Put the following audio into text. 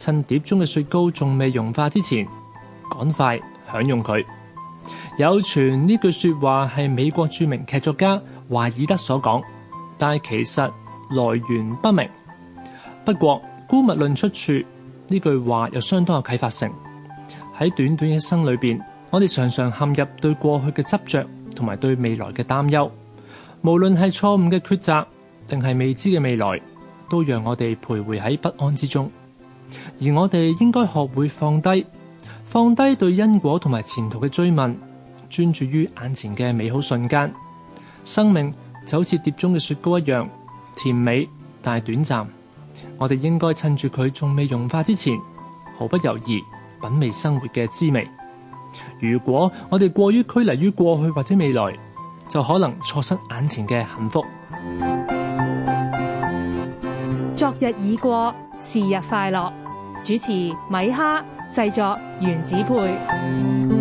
趁碟中嘅雪糕仲未融化之前，趕快享用佢。有傳呢句說話係美國著名劇作家華爾德所講，但係其實來源不明。不過，姑勿論出處，呢句話又相當有啟發性。喺短短一生裏邊，我哋常常陷入對過去嘅執着，同埋對未來嘅擔憂。無論係錯誤嘅抉擇，定係未知嘅未來，都讓我哋徘徊喺不安之中。而我哋應該學會放低，放低對因果同埋前途嘅追問，專注於眼前嘅美好瞬間。生命就好似碟中嘅雪糕一樣，甜美但係短暫。我哋應該趁住佢仲未融化之前，毫不猶豫品味生活嘅滋味。如果我哋過於拘泥於過去或者未來，就可能錯失眼前嘅幸福。昨日已過，是日快樂。主持米哈，製作原子配。